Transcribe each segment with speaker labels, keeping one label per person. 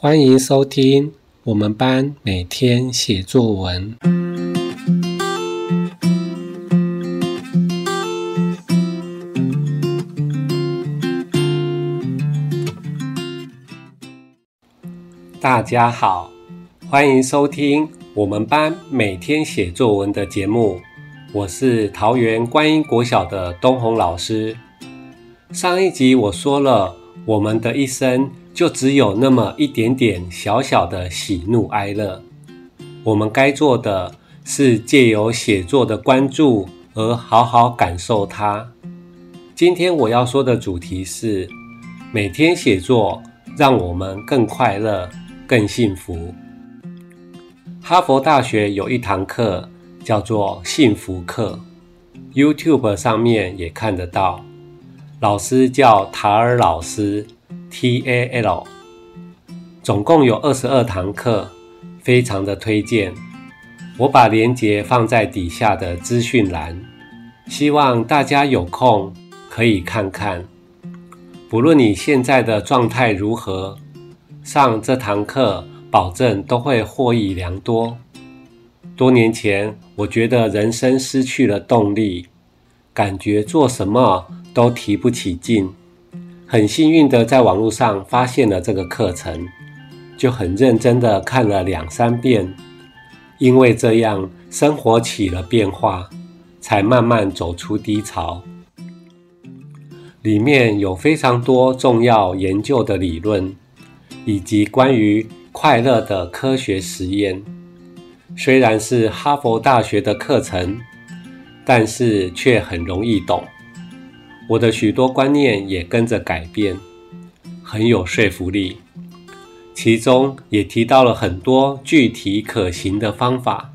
Speaker 1: 歡迎收聽我們班，每天寫作文。大家好，歡迎收聽我們班每天寫作文的節目。我是桃園觀音國小的東宏老師。上一集我說了，我們的一生。就只有那麼一點點小小的喜怒哀樂，我們該做的是借由寫作的關注而好好感受它。今天我要說的主題是：每天寫作讓我們更快樂、更幸福。哈佛大學有一堂課叫做“幸福課 ”，YouTube 上面也看得到，老師叫塔爾老師。TAL 總共有二十二堂課，非常的推薦。我把鏈接放在底下的資訊欄，希望大家有空可以看看。不論你現在的狀態如何，上這堂課保證都會獲益良多。多年前，我覺得人生失去了動力，感覺做什麼都提不起勁。很幸運的在網絡上發現了這個課程，就很認真的看了兩三遍，因為這樣生活起了變化，才慢慢走出低潮。裡面有非常多重要研究的理論，以及關於快樂的科學實驗。雖然是哈佛大學的課程，但是卻很容易懂。我的許多觀念也跟着改變，很有說服力。其中也提到了很多具體可行的方法，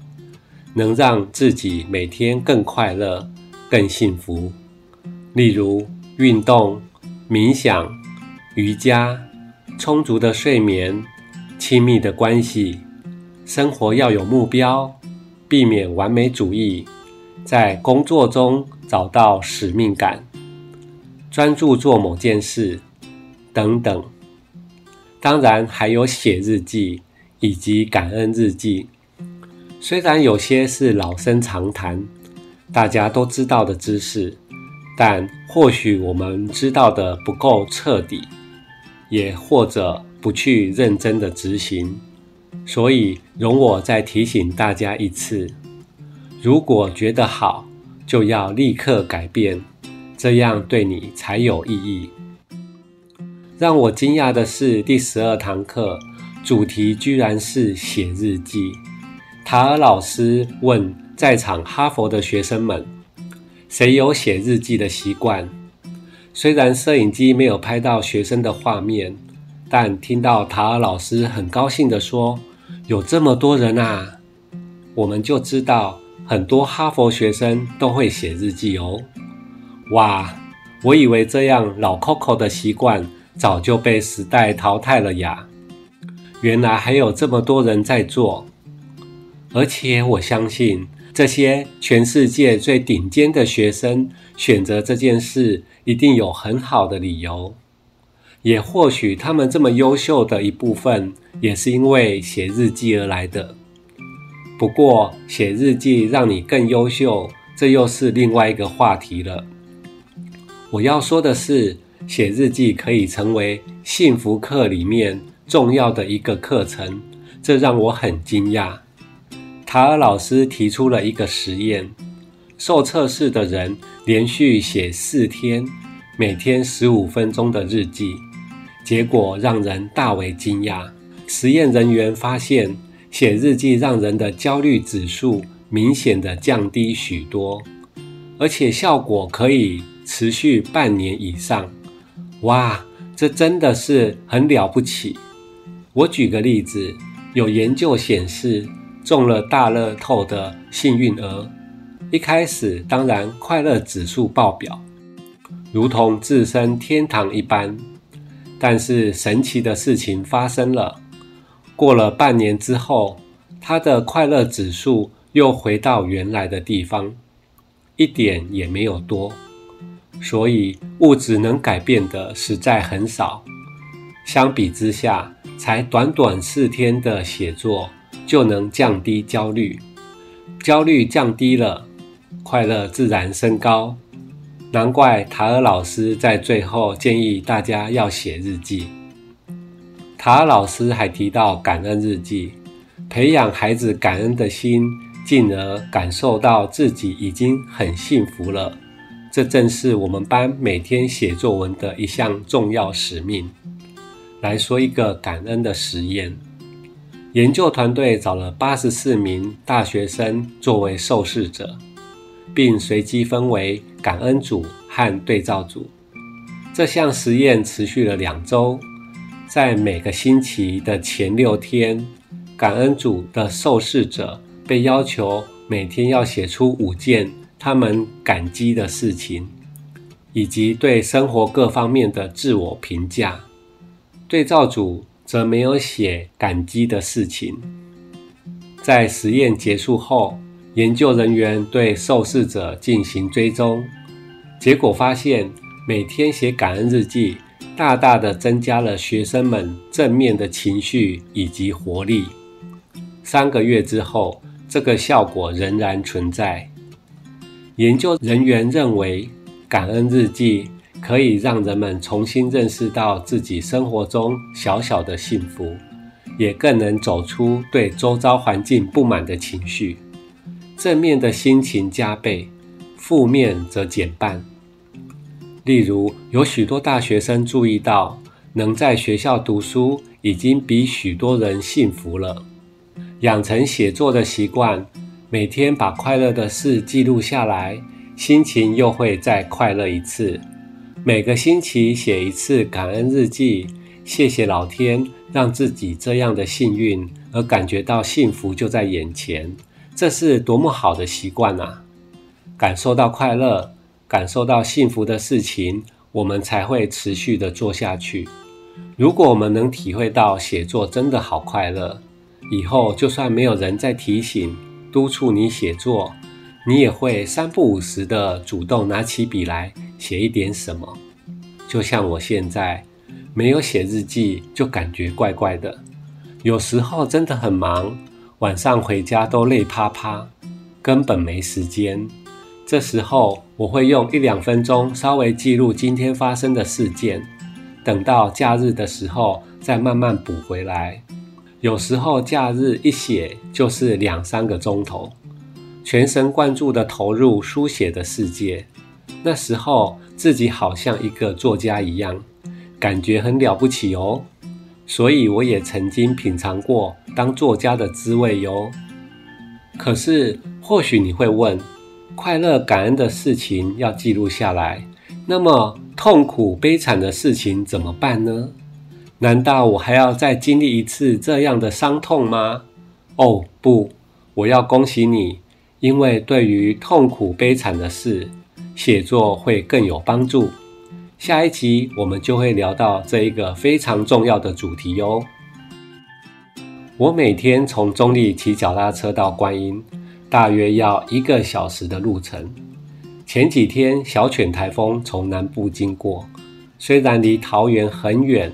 Speaker 1: 能讓自己每天更快樂、更幸福。例如，運動、冥想、瑜伽、充足的睡眠、親密的關係、生活要有目標、避免完美主義、在工作中找到使命感。專注做某件事，等等。當然還有寫日記以及感恩日記。雖然有些是老生常談，大家都知道的知識，但或許我們知道的不夠徹底，也或者不去認真的執行。所以，容我再提醒大家一次，如果覺得好，就要立刻改變。這樣對你才有意義。讓我驚訝的是，第十二堂課主題居然是寫日記。塔爾老師問在場哈佛的學生們：“誰有寫日記的習慣？”雖然攝影機沒有拍到學生的畫面，但聽到塔爾老師很高興地說：“有這麼多人啊！”我們就知道很多哈佛學生都會寫日記哦。哇，我以為這樣老扣扣的習慣早就被時代淘汰了呀！原來還有這麼多人在做，而且我相信這些全世界最頂尖的學生選擇這件事一定有很好的理由。也或許他們這麼優秀的一部分，也是因為寫日記而來的。不過寫日記讓你更優秀，這又是另外一個話題了。我要說的是，寫日記可以成為幸福課裡面重要的一個課程，這讓我很驚訝。塔爾老師提出了一個實驗，受測試的人連續寫四天，每天十五分鐘的日記，結果讓人大為驚訝。實驗人員發現，寫日記讓人的焦慮指數明顯的降低許多，而且效果可以。持續半年以上，哇，這真的是很了不起！我舉個例子，有研究顯示，中了大樂透的幸運兒，一開始當然快樂指數爆表，如同置身天堂一般。但是神奇的事情發生了，過了半年之後，他的快樂指數又回到原來的地方，一點也沒有多。所以物質能改變的實在很少，相比之下，才短短四天的寫作就能降低焦慮，焦慮降低了，快樂自然升高。難怪塔爾老師在最後建議大家要寫日記。塔爾老師還提到感恩日記，培養孩子感恩的心，進而感受到自己已經很幸福了。這正是我們班每天寫作文的一項重要使命。來說一個感恩的實驗。研究團隊找了八十四名大學生作為受試者，並隨機分為感恩組和對照組。這項實驗持續了兩周，在每個星期的前六天，感恩組的受試者被要求每天要寫出五件他們感激的事情，以及對生活各方面的自我評價。對照組則沒有寫感激的事情。在實驗結束後，研究人員對受試者進行追蹤，結果發現，每天寫感恩日記，大大的增加了學生們正面的情緒以及活力。三個月之後，這個效果仍然存在。研究人員認為，感恩日記可以讓人們重新認識到自己生活中小小的幸福，也更能走出對周遭環境不滿的情緒，正面的心情加倍，負面則減半。例如，有許多大學生注意到，能在學校讀書已經比許多人幸福了。養成寫作的習慣。每天把快樂的事記錄下來，心情又會再快樂一次。每個星期寫一次感恩日記，謝謝老天讓自己這樣的幸運，而感覺到幸福就在眼前。這是多麼好的習慣啊！感受到快樂、感受到幸福的事情，我們才會持續地做下去。如果我們能體會到寫作真的好快樂，以後就算沒有人再提醒。督促你寫作，你也會三不五時的主動拿起筆來寫一點什麼。就像我現在沒有寫日記，就感覺怪怪的。有時候真的很忙，晚上回家都累趴趴，根本沒時間。這時候我會用一兩分鐘稍微記錄今天發生的事件，等到假日的時候再慢慢補回來。有時候假日一寫就是兩三個鐘頭，全神貫注地投入書寫的世界，那時候自己好像一個作家一樣，感覺很了不起哦。所以我也曾經品嘗過當作家的滋味喲。可是或許你會問，快樂感恩的事情要記錄下來，那麼痛苦悲慘的事情怎麼辦呢？難道我還要再經歷一次這樣的傷痛嗎？哦不，我要恭喜你，因為對於痛苦悲慘的事，寫作會更有幫助。下一集我們就會聊到這一個非常重要的主題哦。我每天從中壢騎腳踏車到觀音，大約要一個小時的路程。前幾天小犬台風從南部經過，雖然離桃園很遠。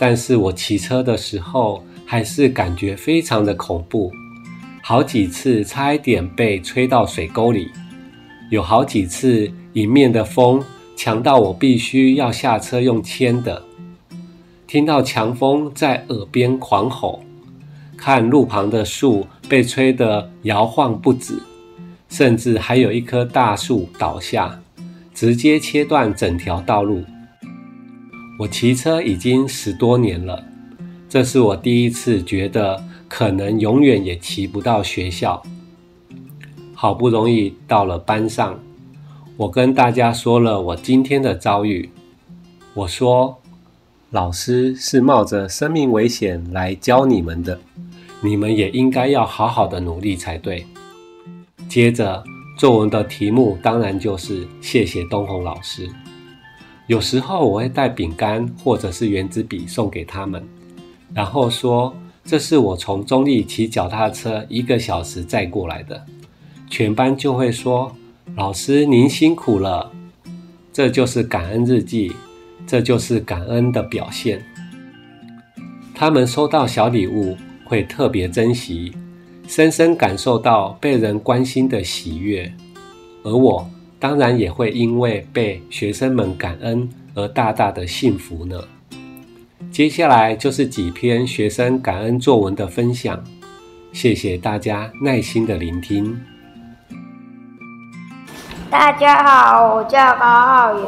Speaker 1: 但是我騎車的時候，還是感覺非常的恐怖，好幾次差一點被吹到水溝裡，有好幾次迎面的風強到我必須要下車用牽的，聽到強風在耳邊狂吼，看路旁的樹被吹得搖晃不止，甚至還有一棵大樹倒下，直接切斷整條道路。我騎車已經十多年了，這是我第一次覺得可能永遠也騎不到學校。好不容易到了班上，我跟大家說了我今天的遭遇。我說，老師是冒着生命危險來教你們的，你們也應該要好好的努力才對。接着，作文的題目當然就是謝謝東紅老師。有時候我會帶餅乾或者是原子筆送給他們，然後說：“這是我從中立騎腳踏車一個小時載過來的。”全班就會說：“老師您辛苦了。”這就是感恩日記，這就是感恩的表現。他們收到小禮物會特別珍惜，深深感受到被人關心的喜悅，而我，當然也會因為被學生們感恩而大大的幸福呢。接下來就是幾篇學生感恩作文的分享，謝謝大家耐心的聆聽。大家好，我叫高浩遠。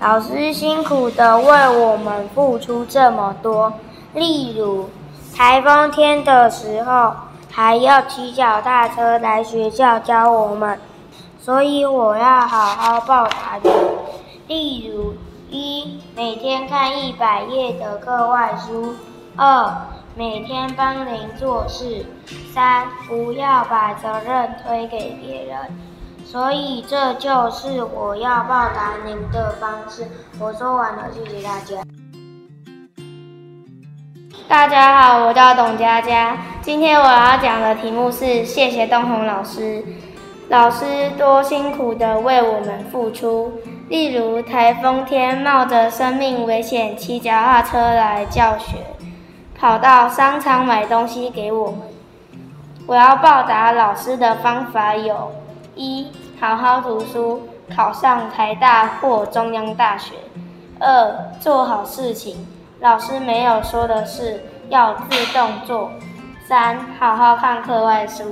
Speaker 1: 老師辛苦的為我們付出這麼多，例如台風天的時候，還要騎腳踏車來學校教我們。所以我要好好報答您。例如：一、每天看一百頁的課外書；二、每天幫您做事；三、不要把責任推給別人。所以這就是我要報答您的方式。我說完了，謝謝大家。大家好，我叫董佳佳，今天我要講的題目是《謝謝東紅老師》。老師多辛苦地為我們付出，例如台風天冒着生命危險騎腳踏車來教學，跑到商場買東西給我們。我要報答老師的方法有：一、好好讀書，考上台大或中央大學；二、做好事情，老師沒有說的事要自動做；三、好好看課外書。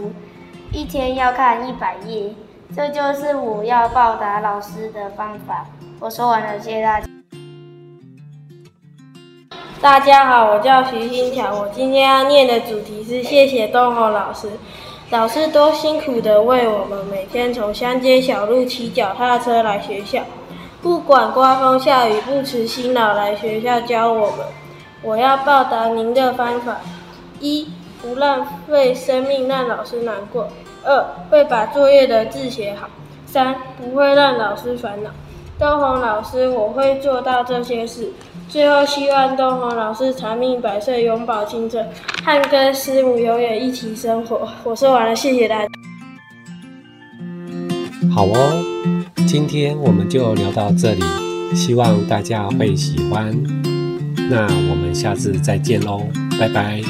Speaker 1: 一天要看一百頁，這就是我要報答老師的方法。我說完了，謝謝大家。大家好，我叫徐新強，我今天要念的主題是謝謝東紅老師。老師多辛苦的為我們每天從鄉間小路騎腳踏車來學校，不管颳風下雨，不辭辛勞來學校教我們。我要報答您的方法一。不浪費生命，讓老師難過；二會把作業的字寫好；三不會讓老師煩惱。東紅老師，我會做到這些事。最後，希望東紅老師長命百歲，永葆青春，和跟師母永遠一起生活。我說完了，謝謝大家。好哦，今天我們就聊到這裡，希望大家會喜歡。那我們下次再見嘍，拜拜。